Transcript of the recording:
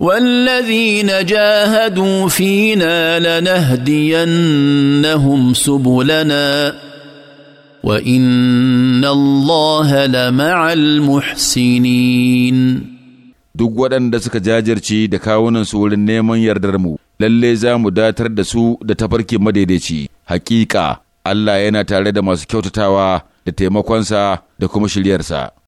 والذين جاهدوا فينا لنهدينهم سبلنا وان الله لمع المحسنين duk waɗanda suka jajirce da kawunansu wurin neman yardar mu lalle za mu datar da su da tafarki madaidaici hakika Allah yana tare da masu kyautatawa da taimakonsa da kuma shiryarsa